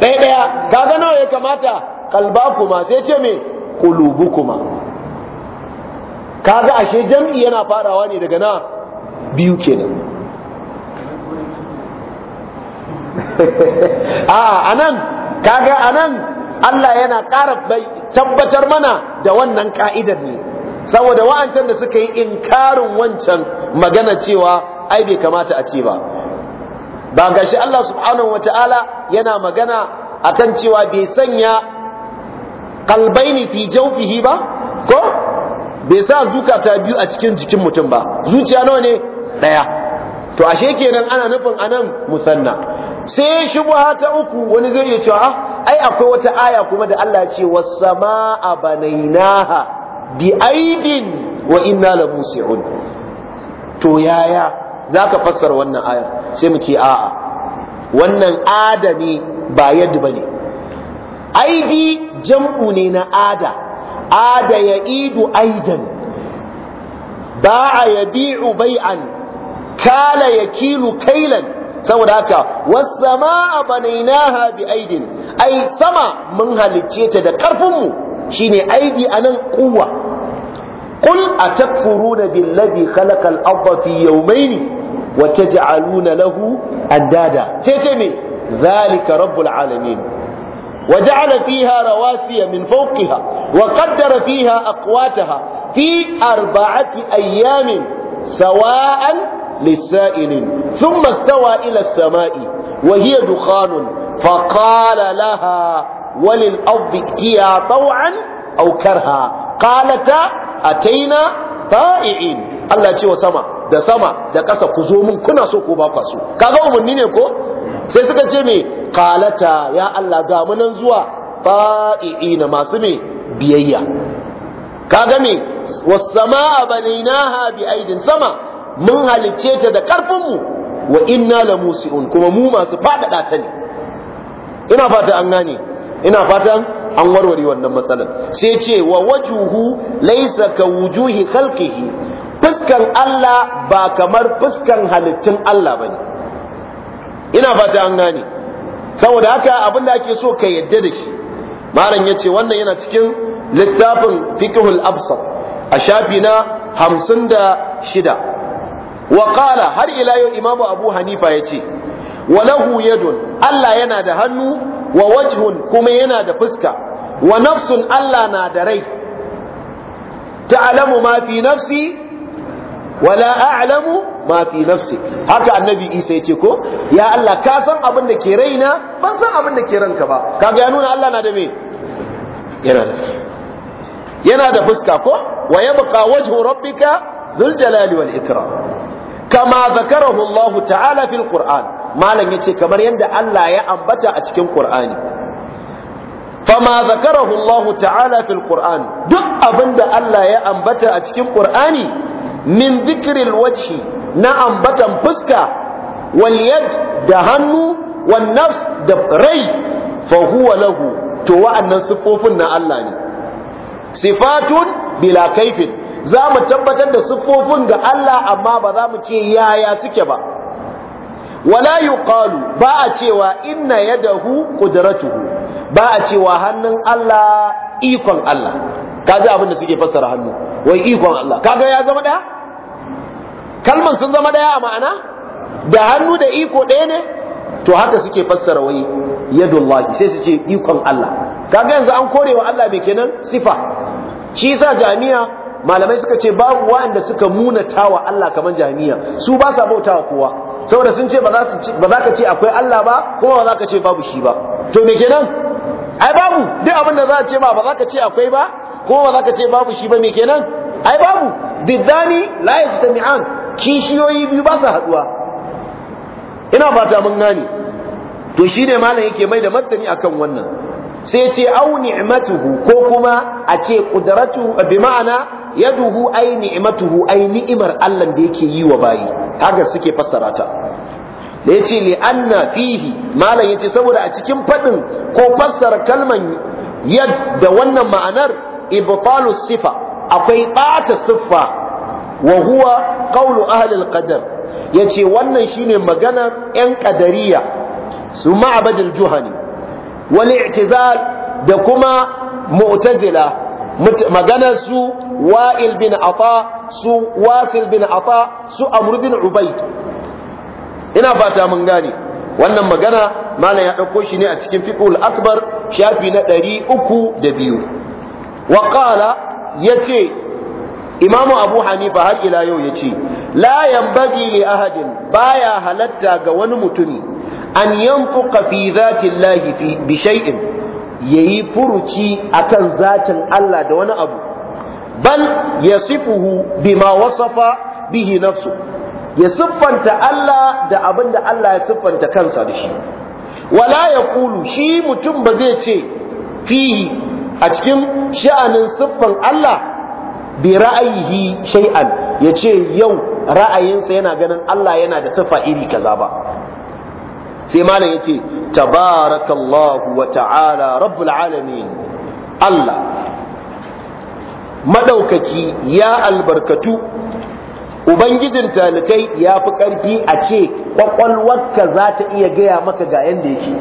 ɗaya ɗaya kaga nawa ya kamata kuma sai ce me kuma. kaga ashe jam'i yana farawa ne daga na biyu kenan [laughs] a anan kaga anan Allah yana ƙara tabbatar mana da wannan ka'idar ne saboda wa'ancan da suka yi inkarin wancan magana cewa ai bai kamata a ce ba ba gashi Allah subhanahu wata'ala yana magana akan cewa bai sanya kalbaini fi fi ba ko bai sa zukata biyu a cikin jikin mutum ba zuciya nawa ne Ɗaya. to ashe kenan ana nufin anan musanna sai shubha ta uku wani zai iya cewa ah, ai akwai wata aya kuma da Allah ce was samaa banainaha bi aidin wa inna la musiun to yaya zaka fassara wannan aya? sai mu ce a'a wannan adami ba yad bane aidi jam'u ne na ada ada ya idu aidan ba'a yabi'u bai'an kala yakilu kailan saboda haka was-samaa banaynaha bi aidin ai sama mun halicce ta da karfin mu shine aidi anan quwwa qul atakfuruna billazi khalaqal arda fi yawmayni wa taj'aluna lahu addada sai ce me zalika rabbul alamin fiha rawasiya min من wa وقدر fiha أقواتها في أربعة أيام sawaan للسائل ثم استوى إلى السماء وهي دخان فقال لها وللأرض ائتيا طوعا أو كرها قالتا أتينا طائعين Allah ce wa sama da sama da ƙasa ku zo mun kuna so ko ba ku so kaga umarni ne ko sai suka ce me qalata ya Allah ga mu nan zuwa fa'iina masu me biyayya kaga me was samaa banaynaha bi aidin sama mun halicce ta da ƙarfinmu wa inna la musi'un kuma mu masu faɗaɗa ta ne ina fata an gane ina fatan an warware wannan matsalar sai ce wa wajuhu laysa ka wujuhi khalqihi fuskan Allah ba kamar fuskan halittun Allah bane ina fata an gane saboda haka abin da ake so ka yadda da shi malam yace wannan yana cikin littafin fiqhul absat a shafi na 56 wa har ila yau imamu abu hanifa yace wa lahu yadun Allah yana da hannu wa wajhun kuma yana da fuska wa nafsun Allah na da rai ta'lamu ma nafsi wala a'lamu ma nafsi haka annabi Isa yace ko ya Allah ka san abin da ke raina ban san abin da ke ranka ba kaga ya nuna Allah na da me yana da yana da fuska ko wa yabqa wajhu rabbika dhul jalali wal ikram kama zakarahu Allah ta'ala fil Qur'an malam yace kamar yadda Allah ya ambata a cikin Qur'ani fama zakarahu Allah ta'ala fil Qur'an duk abinda Allah ya ambata a cikin Qur'ani min dhikril wajhi na ambatan fuska wal yad da hannu wan nafs da rai fa huwa lahu to wa'annan sifofin na Allah ne sifatun bila kaifin za mu tabbatar da siffofin ga Allah amma ba za mu ce yaya suke ba wala yuqalu ba a cewa inna yadahu qudratuhu ba a cewa hannun Allah ikon Allah kaji abin da suke fassara hannu wai ikon Allah kaga ya zama daya kalman sun zama daya a ma'ana da hannu da iko ɗaya ne to haka suke fassara wai yadullahi sai su ce ikon Allah kaga yanzu an kore wa Allah mai kenan sifa shi sa jami'a malamai suka ce babu wa'anda suka muna tawa Allah kamar jami'a su ba sa bautawa kowa saboda sun ce ba za ka ce akwai Allah ba kuma ba za ka ce babu shi ba to me kenan ai babu duk abin da za ka ce ma ba za ka ce akwai ba kuma ba za ka ce babu shi ba me kenan ai babu diddani la yajtami'an kishiyoyi biyu ba sa haduwa ina fata mun gane to shine malam yake mai da martani akan wannan sai ce au ni'matuhu ko kuma a ce qudratu bi ma'ana yaduhu ai ni'matuhu ai ni'imar Allah da yake yi wa bayi haka suke fassara ta da yace li anna fihi malam yace saboda a cikin fadin ko fassara kalman yad da wannan ma'anar ibtalu sifa akwai bata siffa wa huwa qawlu ahli al-qadar yace wannan shine maganar yan qadariya su ma'abadul juhani wal i'tizal da kuma mu'tazila maganar su wa'il bin ata su wasil bin ata su amr bin ubaid ina fata mun gane wannan magana malam ya ɗauko shi ne a cikin fiqhul akbar shafi na ɗari biyu. wa ya yace imamu abu hanifa har ila yau yace layan bagi li ahadin baya halatta ga wani mutumi an yankuka fi dhati lahi fi bi yayi furuci akan zatin Allah da wani abu bal ya sifuhu bima wasafa bihi nafsu ya siffanta Allah da abin da Allah ya siffanta kansa da shi wala ya kulu shi mutum ba zai ce fihi a cikin sha'anin siffan Allah bi ra'ayihi shay'an ce yau ra'ayinsa yana ganin Allah yana da siffa iri kaza ba sai malam yace tabarakallahu wa ta'ala rabbul alamin Allah madaukaki ya albarkatu ubangijin talikai ya fi karfi a ce kwakwalwarka za ta iya gaya maka ga yanda yake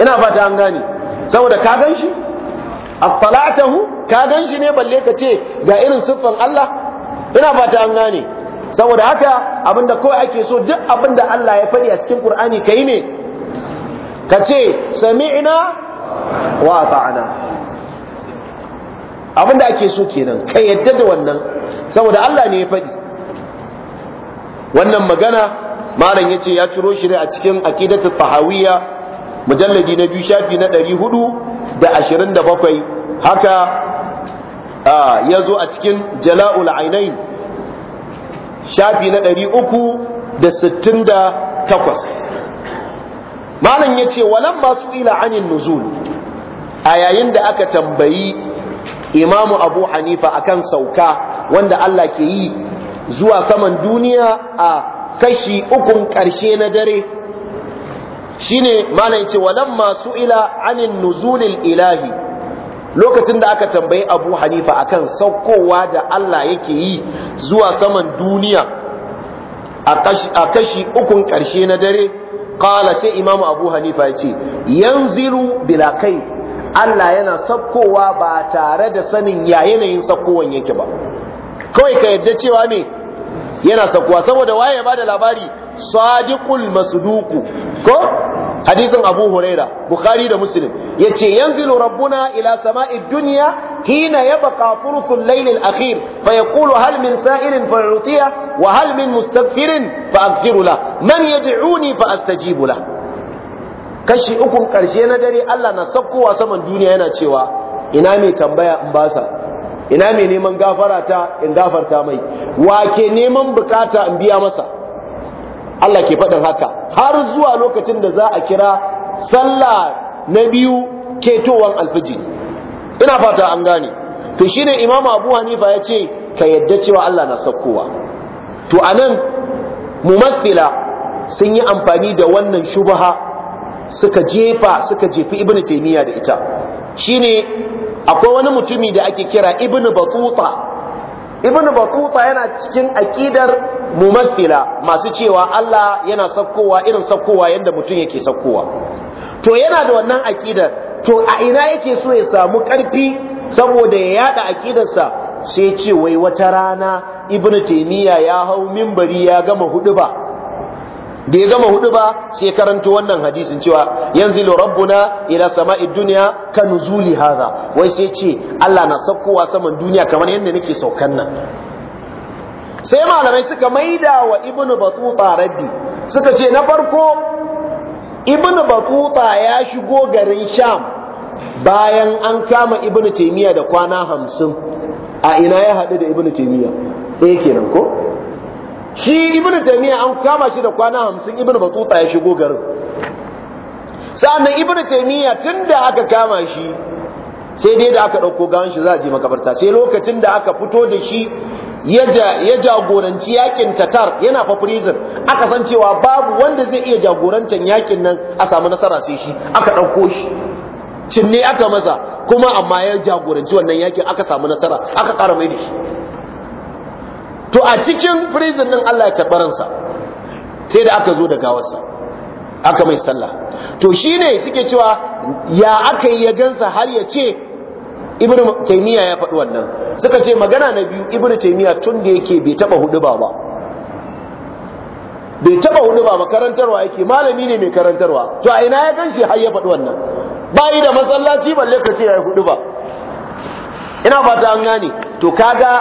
ina fata an gane saboda ka gan shi ka ganshi shi ne balle ka ce ga irin siffan Allah ina fata an gane saboda haka abinda kawai ake so duk abinda Allah ya faɗi a cikin Qur'ani kai ne ka ce sami'na wa ata'na abinda ake so kenan ka yadda da wannan saboda Allah ne ya faɗi wannan magana malam yace ya ciro shi a cikin aqidatu tahawiyya mujalladi na biyu shafi na 427 haka ya zo a cikin jala'ul ainain shafi na ɗari uku da sittin da takwas malam ya ce walan masu ila anin nuzul a yayin da aka tambayi imamu abu hanifa akan sauka wanda Allah ke yi zuwa saman duniya a kashi ukun ƙarshe na dare shine malam ya ce walan masu ila anin nuzulil ilahi lokacin da aka tambayi abu hanifa akan saukowa da allah yake yi zuwa saman duniya a kashi ukun karshe na dare kala sai imamu abu hanifa ya ce yan bila kai allah yana saukowa ba tare da sanin ya yanayin saukowan yake ba kawai ka yadda cewa me yana saukowa saboda waye ba da labari sadiqul masduku ko hadisin abu huraira bukhari da muslim yace yanzilu rabbuna ila sama'i dunya hina yabqa thuluthul layl al-akhir fa yaqulu hal min sa'irin fa yu'tiya wa hal min mustaghfirin fa aghfiru la man yad'uni fa astajibu la kashi uku karshe na dare Allah na wa saman duniya yana cewa ina mai tambaya in basa ina mai neman gafara ta in gafarta mai wa ke neman bukata in biya masa Allah ke faɗin haka har zuwa lokacin da za a kira sallah na biyu ketowan alfijir ina fata an gane to shine imamu abu hanifa ya ce ka yadda cewa Allah na saukowa to anan mumathila sun yi amfani da wannan shubaha suka jefa suka jefi ibnu taymiya da ita shine akwai wani mutumi da ake kira ibnu batuta ibnu batuta yana cikin aqidar mumathila masu cewa Allah yana sakkowa irin sakkowa yanda mutum yake sakkowa to yana da wannan aqidar to a ina yake so ya samu karfi saboda ya yada aqidarsa sai ce wai wata rana ibnu taymiya ya hau minbari ya gama hudu ba da ya gama hudu ba sai karanto wannan hadisin cewa yanzu rabbuna ila sama'id dunya ka nuzuli hadha wai sai ce Allah na saukowa saman duniya kamar yadda nake saukan nan sai malamai suka maida wa ibnu batuta raddi suka ce na farko ibnu batuta ya shigo garin sham bayan an kama ibnu taymiya da kwana hamsin a ina ya haɗu da ibnu taymiya eh kenan ko shi Ibn taymiya an kama shi da kwana hamsin Ibn batuta ya shigo garin sanan Ibn taymiya tunda aka kama shi sai dai da aka ɗauko gawan shi za a je makabarta sai lokacin da aka fito da shi ya jagoranci yakin tatar yana fa prison aka san cewa babu wanda zai iya jagorantar yakin nan a samu nasara sai shi aka ɗauko shi cinne aka masa kuma amma ya jagoranci wannan yakin aka samu nasara aka ƙara mai da shi to a cikin prison din Allah ya karɓi ransa sai da aka zo da gawarsa aka mai sallah to shine suke cewa ya aka yi ya gansa har ya ce ibnu taymiya ya faɗi wannan suka ce magana na biyu ibnu taymiya tun da yake bai taba hudu ba bai taba hudu ba karantarwa yake malami ne mai karantarwa to a ina ya ganshi har ya faɗi wannan bayi da masallaci balle ka ce ya ba. ina fata an gane to kaga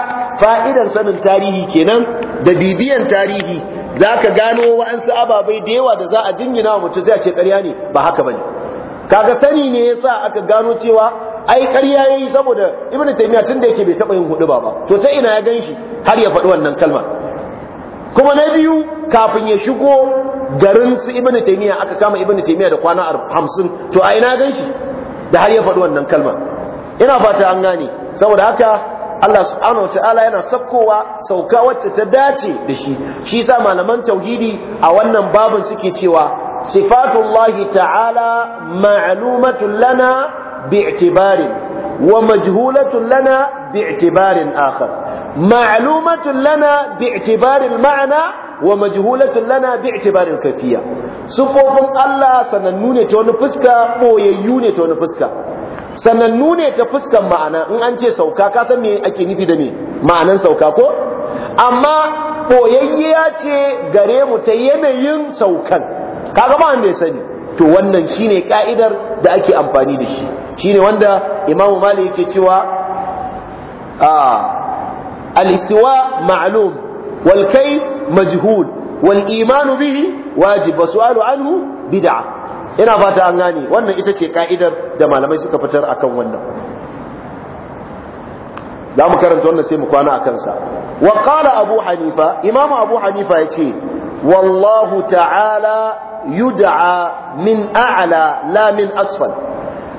fa'idar sanin tarihi kenan da bibiyan tarihi zaka gano wa'ansu ababai da yawa da za a jingina wa mutum zai ce ƙarya ne ba haka ne. kaga sani ne yasa aka gano cewa ai ƙarya yayi saboda ibn taymiya tun da yake bai taba yin hudu ba ba to sai ina ya ganshi har ya faɗi wannan kalma kuma na biyu kafin ya shigo garin su ibn taymiya aka kama ibn taymiya da kwana 50 to a ina ganshi da har ya faɗi wannan kalma ina fata an gane saboda haka Allah subhanahu wataala yana saukowa sauka wacce ta dace da shi shi yasa malaman tauhidi a wannan babin suke cewa sifatullahi ta'ala ma'lumatun lana bi'tibarin wa majhulatun lana bi'tibarin akhar ma'lumatun lana bi'tibarin ma'ana wa majhulatun lana bi'tibarin kafiya sufofin Allah sanannu ne ta wani fuska boyayyu ne ta wani fuska Sannan nune ta fuskan ma'ana in an ce sauka ka san me ake nufi da me ma'anan sauka ko amma ya ce gare mu ta yanayin saukan kaga ba wanda ya sani to wannan shine ka'idar da ake amfani da shi shine wanda imamu malik yake cewa ah, al-istiwa ma'lum wal kayf majhul wal iman bihi wajib wa su'alu anhu bid'ah ina ba ta an gane wannan ita ce ka'idar da malamai suka fitar akan wannan za mu karanta wannan sai mu kwana a kansa wa qala abu hanifa imam abu hanifa ce, wallahu ta'ala yud'a min a'la la min asfal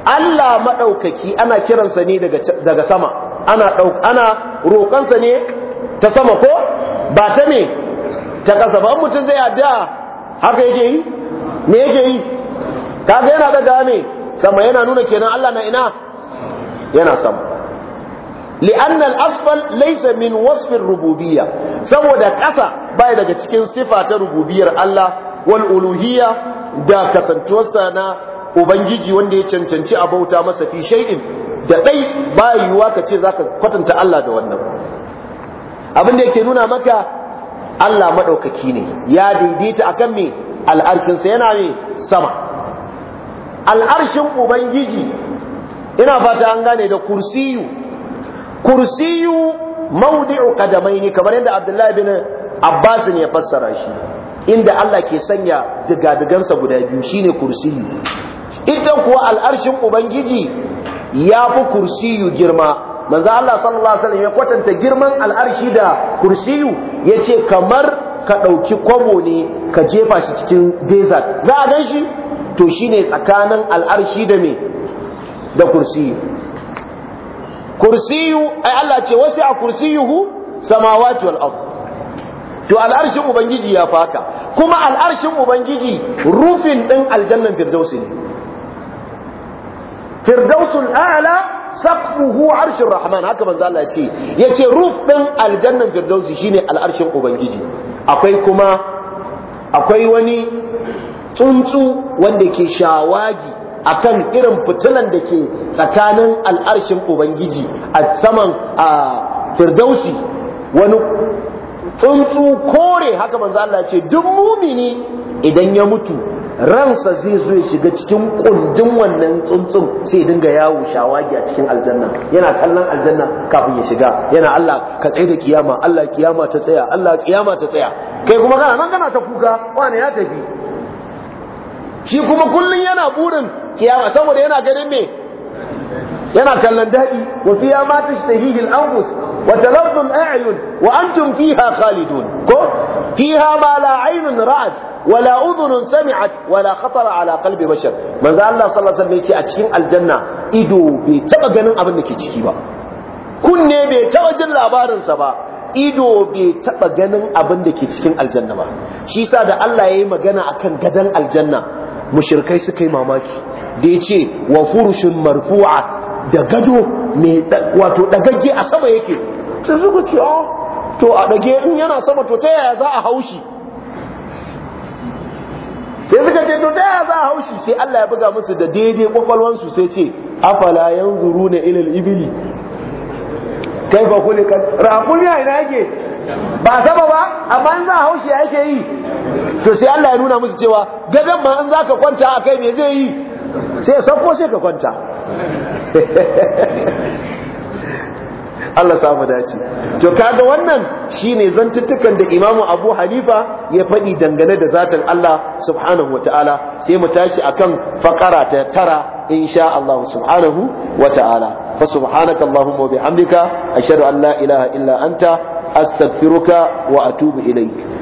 Allah maɗaukaki, ana kiransa ne daga sama ana ana roƙansa ne ta sama ko ba ta me ta kasa ba mutum zai addu'a haka yake yi me yake yi Ka ga yana daga ne sama yana nuna kenan Allah na ina yana sama li'an asfal laysa wasfin rububiya saboda ƙasa baya daga cikin sifa ta rububiyar Allah wal uluhiya da kasantuwarsa na ubangiji wanda ya cancanci a bauta masa fi shay'in da ɗai ba yiwuwa ka ce zaka kwatanta Allah da wannan abin da yake nuna maka Allah madaukaki ne ya daidaita akan mai al'arshinsa yana mai sama al'arshin ubangiji ina fata an gane da kursiyu kursiyu maudi'u ne kamar yadda abdullahi bin abbas ne ya fassara shi inda Allah ke sanya digadigansa guda biyu shine kursiyu ita kuwa al'arshin ubangiji ya fi kursiyu girma manzo Allah sallallahu alaihi wasallam ya kwatanta girman al'arshi da kursiyu yace kamar ka ɗauki kwabo ne ka jefa shi cikin desert za a gan shi to shine tsakanin al'arshi da me da kursiyu kursiyu ai Allah ce wasu a kursiyuhu samawati wal ard to al'arshin ubangiji ya faka kuma al'arshin ubangiji rufin ɗin aljannan firdausi ne firdausul a'la saqfuhu arshir rahman haka manzo Allah ce yace ruf ɗin aljannan firdausi shine al'arshin ubangiji akwai kuma akwai wani tsuntsu wanda ke shawagi a kan irin fitilan da ke tsakanin al'arshin ubangiji a saman a firdausi wani tsuntsu kore haka manzo Allah ce duk mumini idan ya mutu ransa zai zo ya shiga cikin kundin wannan tsuntsun sai dinga yawo shawagi a cikin aljanna yana kallon aljanna kafin ya shiga yana Allah ka tsaye da kiyama Allah kiyama ta tsaya Allah kiyama ta tsaya kai kuma kana nan kana ta kuka wani ya tafi shi kuma kullum yana burin kiyama saboda yana ganin me yana kallon daɗi wa ya ma tashtahihi al-anfus wa taladdu al-a'yun wa antum fiha khalidun ko fiha ma la aynun ra'at wa la udhunun sami'at wa la khatara ala qalbi bashar manzo Allah sallallahu alaihi wasallam yace a cikin aljanna ido bai taba ganin abin da ke ciki ba kunne bai taba jin labarinsa ba ido bai taba ganin abin da ke cikin aljanna ba shi sa da Allah ya yi magana akan gadan aljanna mushrikai suka yi mamaki da ya ce wa furushin marfu'a da gado mai wato dagagge a sama yake sai suka ce oh to a dage in yana sama to ta yaya za a haushi sai suka ce to ta yaya za a haushi sai Allah ya buga musu da daidai kwakwalwansu sai ce afala yanzuruna ilil ibili kaifa khuliqat raqul a ina yake ba sama ba amma in za a haushi ya yake yi to sai Allah ya nuna musu cewa gadon ma in za ka kwanta a kai me zai yi sai ya sauko sai ka kwanta [laughs] Allah samu dace to kaga wannan shine zantuttukan da Imam Abu Hanifa ya faɗi dangane da zatin Allah subhanahu wataala sai mu tashi akan fakara ta tara insha Allah subhanahu wataala fa subhanakallahumma wa bihamdika ashhadu an la ilaha illa anta astaghfiruka wa atubu ilaik